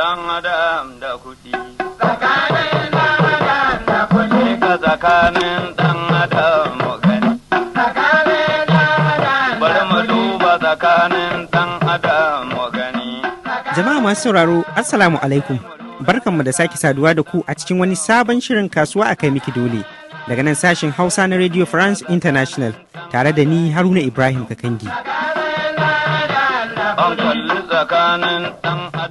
dan adam da kuɗi. Tsakanin dan adam da kuɗi. Ka tsakanin dan adam mu gani. Tsakanin dan adam Bari mu duba tsakanin dan adam mu gani. Jama'a masu sauraro, Assalamu alaikum. Barkanmu da sake saduwa da ku a cikin wani sabon shirin kasuwa a kai miki dole. Daga nan sashen Hausa na Radio France International tare da ni Haruna Ibrahim Kakangi.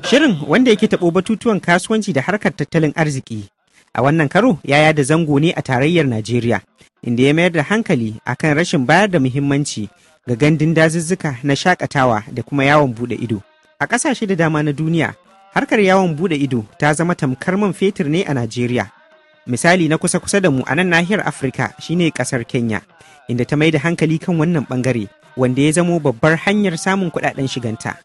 Shirin wanda yake taɓo batutuwan kasuwanci da harkar tattalin arziki. A wannan karo yaya da zango ne a tarayyar Najeriya, inda ya mayar da hankali akan rashin bayar da muhimmanci ga gandun dazuzzuka na shakatawa da kuma yawon bude ido. A ƙasashe da dama na duniya, harkar yawon bude ido ta zama tamkar man fetur ne a Najeriya. Misali na kusa-kusa da mu a nan nahiyar Afirka shine ƙasar Kenya, inda ta mai da hankali kan wannan ɓangare, wanda ya zamo babbar hanyar samun kuɗaɗen shiganta.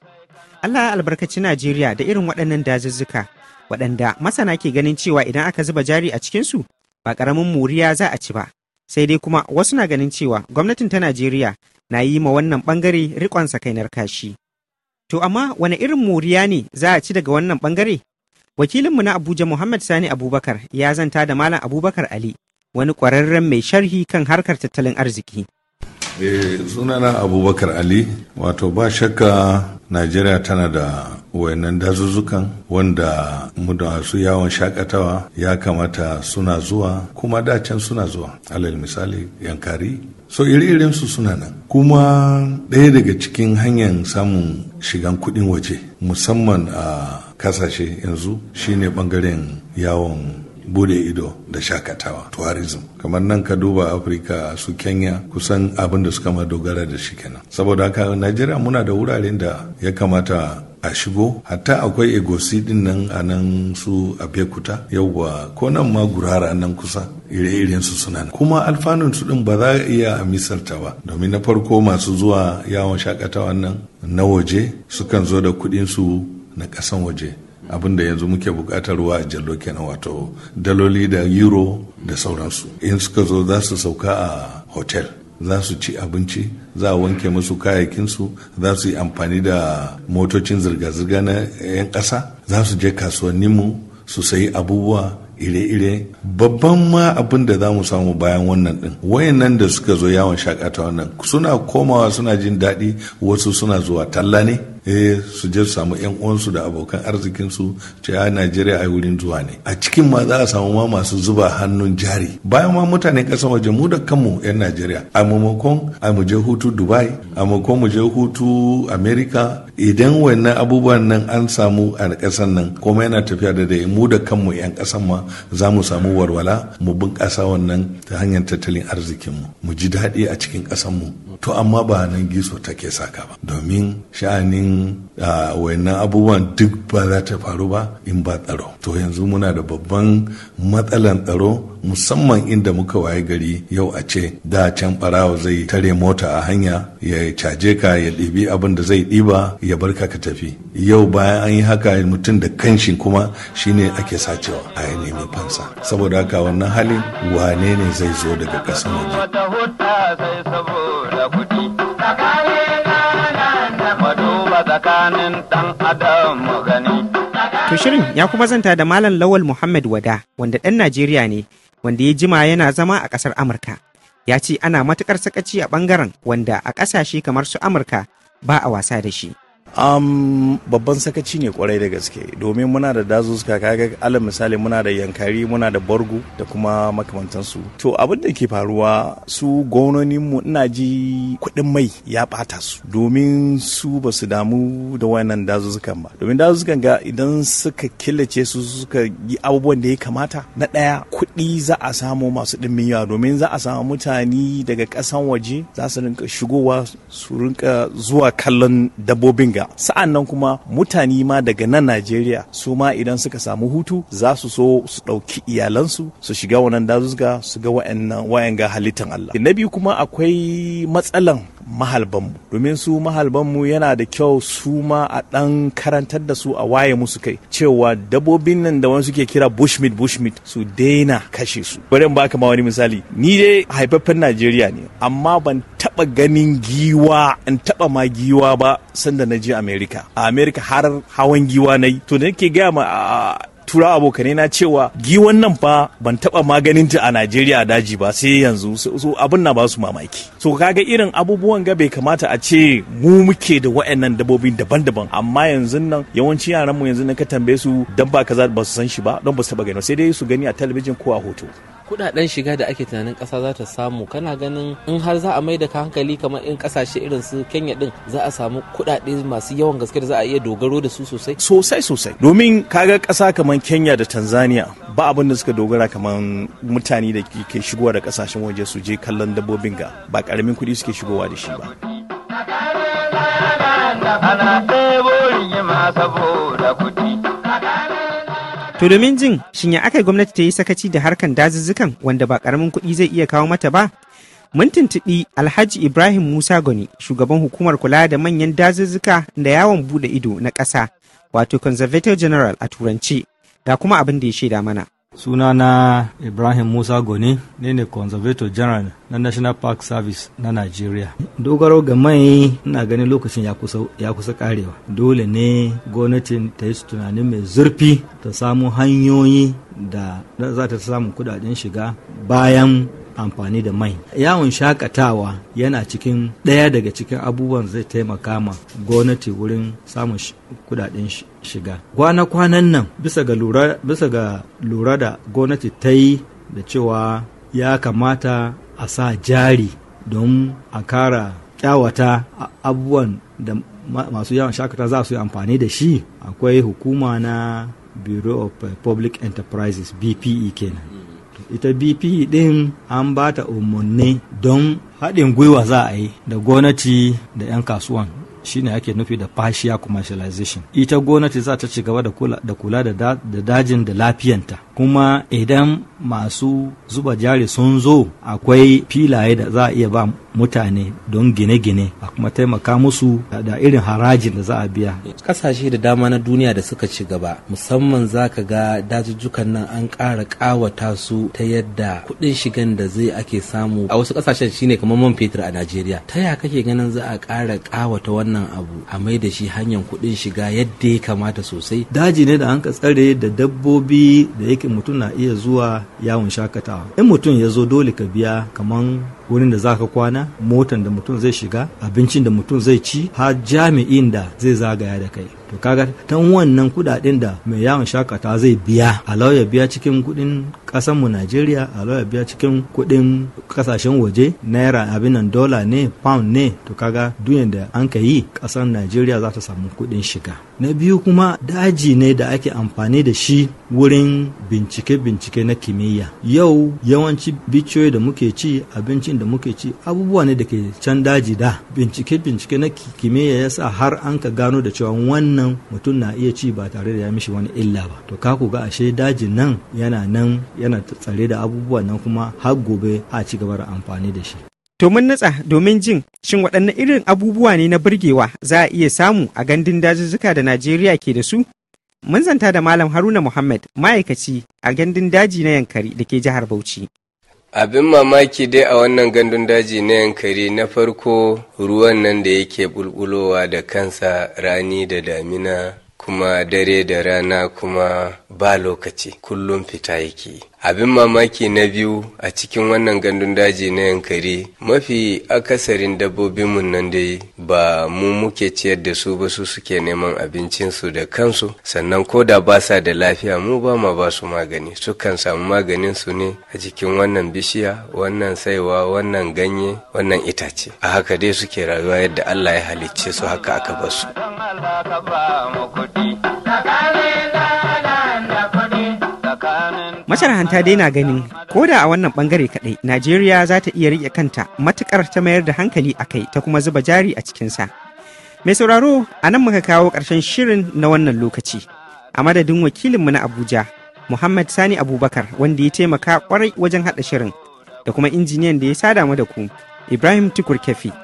Allah ya albarkaci Najeriya da irin waɗannan dazuzzuka waɗanda masana ke ganin cewa idan aka zuba jari a cikinsu ba ƙaramin moriya za a ci ba. Sai dai kuma wasu na ganin cewa gwamnatin ta Najeriya na yi ma wannan ɓangare riƙon sakainar kashi. To amma wani irin moriya ne za a ci daga wannan ɓangare? Wakilinmu na Abuja Muhammad Sani Abubakar ya zanta da Malam Abubakar Ali wani ƙwararren mai sharhi kan harkar tattalin arziki. Eh, sunana abubakar ali wato ba shakka najeriya tana da wayannan dazuzzukan wanda mu da su yawon shakatawa ya kamata suna zuwa kuma dacen suna zuwa alal misali yankari so iri irinsu su suna nan kuma ɗaya daga cikin hanyar samun shigan kuɗin waje musamman a kasashe yanzu shine bangaren yawon bude ido da shakatawa tourism kamar nan ka duba afirka su kenya kusan abin da suka ma dogara da shi kenan saboda haka najeriya muna da wuraren da ya kamata a shigo hatta akwai egosi din nan a nan su abekuta yauwa ko nan ma gurara nan kusa ire-iren su suna kuma alfanun su din ba za a iya misalta ba domin na farko masu zuwa yawon shakatawa nan na waje sukan zo da kuɗin su na ƙasan waje Abinda yanzu muke bukatarwa a jallo kenan wato daloli da euro da sauransu in suka zo za su sauka a hotel za su ci abinci za a wanke musu kayakinsu za su yi amfani da motocin zirga-zirga na 'yan ƙasa za su je kasuwanninmu su sayi abubuwa ire-ire babban ma abin da za mu samu bayan wannan din wayannan da suka zo yawon shakata wannan suna komawa suna jin daɗi wasu suna zuwa talla ne eh su je su samu yan uwansu da abokan arzikinsu ce a najeriya ai wurin zuwa ne a cikin ma za a samu ma masu zuba hannun jari bayan ma mutane kasan waje mu da kanmu yan najeriya a maimakon a mu je hutu dubai a maimakon mu je hutu america idan wannan abubuwan nan an samu a kasan nan kuma yana tafiya da dai mu da kanmu yan kasan ma za mu samu warwala mu bunƙasa wannan ta hanyar tattalin arzikin mu ji daɗi a cikin mu. to amma ba nan giso take saka ba domin sha'anin A wayannan abubuwan duk ba za ta faru ba in ba tsaro to yanzu muna da babban matsalan tsaro musamman inda muka waye gari yau a ce da can barawa zai tare mota a hanya ya caje ka ya ɗibi abin da zai ɗiba ya bar ka tafi yau bayan an yi haka mutum da kanshi kuma shine ake sacewa a yi neman fansa saboda haka wannan hali wane ne zai zo daga ƙasan waje tsakanin ɗan adam gani. To shirin ya kuma zanta da Malam Lawal Muhammad Wada wanda ɗan Najeriya ne wanda ya jima yana zama a ƙasar Amurka. Ya ce ana matuƙar sakaci a ɓangaren wanda a ƙasashe kamar su Amurka ba a wasa da shi. um, babban sakaci ne kwarai da gaske domin muna da dazuzka kaga alal misali muna da yankari muna da borgu da kuma makamantansu to abin da ke faruwa su gononinmu ina ji kuɗin mai ya ɓata su domin su ba su damu da wayannan dazuzukan ba domin dazuzkan ga idan suka killace su suka yi abubuwan da ya kamata na ɗaya kuɗi za a samu masu ɗimbin domin za a samu mutane daga ƙasan waje za su rinka shigowa su rinka zuwa kallon dabbobin ga Najeriya sa'an nan kuma mutane ma daga nan Najeriya su ma idan suka samu hutu za su so su ɗauki iyalansu su shiga wannan dazuzga su ga wayan ga halittan Allah na biyu kuma akwai matsalan mahalbanmu domin su mahalbanmu yana da kyau su ma a ɗan karantar da su a waye musu kai cewa dabbobin nan da wani suke kira bushmeat bushmeat su daina kashe su bari in baka ma wani misali ni dai haifaffen najeriya ne amma ban taba ganin giwa in taba ma giwa ba sanda na je america a america har hawan giwa na yi to da nake gaya ma tura abokane na cewa giwan nan fa ban taba maganin ta a Najeriya daji ba sai yanzu so abin na ba su mamaki so kaga irin abubuwan ga bai kamata a ce mu muke da wayannan dabbobi daban-daban amma yanzu nan yawanci yaran mu yanzu nan ka tambaye su dabba kaza ba su san shi ba don ba su taba gani sai dai su gani a talabijin ko a hoto kudaden shiga da ake tunanin kasa za ta samu kana ganin in har za a mai da hankali kamar in kasashe irin su kenya din za a samu kudade masu yawan gaske da za a iya dogaro da su sosai sosai sosai domin kaga kasa kamar kenya da tanzania ba abin da suka dogara kamar mutane da ke shigowa da kasashen waje su je kallon dabbobin ga ba karamin kuɗi suke shigowa da shi ba. To domin jin shin ya aka gwamnati ta yi sakaci da harkan dazuzzukan wanda ba karamin kuɗi zai iya kawo mata ba? Mun tuntuɓi Alhaji Ibrahim Musa Goni, shugaban hukumar kula da manyan dazuzzuka da yawon bude ido na ƙasa, wato Conservator General a Turanci, da kuma abin da ya shaida mana. sunana ibrahim musa goni ne ne conservator general na national park service na nigeria dogaro ga mai ina ganin lokacin ya kusa karewa dole ne gwamnatin ta yi tunani mai zurfi ta samu hanyoyi da za ta samu kudaden shiga bayan amfani da mai yawon shakatawa yana cikin ɗaya daga cikin abubuwan zai taimaka ma gwamnati wurin samun kudaden shiga kwana-kwanan nan bisa ga lura, da gwamnati ta yi da cewa ya kamata a sa jari don a kara kyawata abubuwan da masu yawon shakata za su yi amfani da shi akwai hukuma na bureau of public enterprises bpe kenan ita bp ɗin an ba ta umarni don haɗin gwiwa za a yi da gwamnati da 'yan kasuwan shine ake nufi da partial commercialization ita gwamnati za ta ci gaba da kula da dajin da lafiyanta kuma idan masu zuba jari sun zo akwai filaye da za a iya ba mutane don gine-gine a kuma taimaka musu da irin harajin da za a biya. Kasashe da dama na duniya da suka ci gaba musamman za ka ga dajujjukan nan an ƙara ƙawata su ta yadda kuɗin shigan da zai ake samu a wasu ƙasashen shine kamar man fetur a Najeriya. Ta ya kake ganin za a ƙara ƙawata wannan abu a mai da shi hanyar kuɗin shiga yadda ya kamata sosai. Daji ne da an ka tsare da dabbobi da yake mutum na iya zuwa yawon shakatawa. In mutum ya zo dole ka biya kamar wurin da zaka kwana motan da mutum zai shiga abincin da mutum zai ci har jami'in da zai zagaya da kai to kaga tan wannan kudaden da mai yawon shakata zai biya a lauya biya cikin kudin kasan mu Najeriya alau ya biya cikin kudin kasashen waje naira abin nan dola ne pound ne to kaga duyan da an ka yi kasan Najeriya za ta samu kudin shiga na biyu kuma daji ne da ake amfani da shi wurin bincike-bincike na kimiyya yau yawanci bicoyi da muke ci abincin da muke ci abubuwa ne da ke can daji da bincike-bincike na kimiyya ya sa har an ka gano da cewa wannan nan mutum na iya ci ba tare da ya mishi wani illa ba to ka ku ga ashe dajin nan yana nan yana tsare da abubuwa nan kuma har gobe a ci gaba da amfani da shi To mun natsa domin jin shin waɗanne irin abubuwa ne na burgewa za a iya samu a gandun dajujjuka da Najeriya ke da su? Mun zanta da Malam Haruna Muhammad ma'aikaci a gandun daji na Yankari da ke jihar Bauchi. abin mamaki dai a wannan gandun daji na yankari na farko ruwan nan da yake bulbulowa da kansa rani da damina kuma dare da rana kuma ba lokaci kullum fita yake abin mamaki na biyu a cikin wannan gandun daji na yankari mafi akasarin dabbobinmu nan dai ba mu muke ciyar da su ba su suke neman abincinsu da kansu sannan ko da ba sa da lafiya mu ba ma ba su magani sukan samu maganinsu ne a cikin wannan bishiya wannan saiwa wannan ganye wannan itace a haka dai suke rayuwa yadda allah ya halicce su haka aka basu. su Allah ka ba dai na ganin ko da a wannan bangare kaɗai Najeriya za ta iya rike kanta matukar ta mayar da hankali a kai ta kuma zuba jari a cikinsa. Mai sauraro a nan muka kawo ƙarshen shirin na wannan lokaci. A madadin wakilinmu na Abuja, Muhammad Sani Abubakar wanda ya taimaka kwarai wajen haɗa shirin da kuma injiniyan da ya sada mu da ku, Ibrahim Tukur Kefi.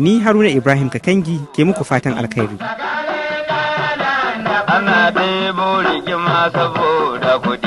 ni haruna ibrahim kakangi ke muku fatan alkhairi ana ɗaya bori saboda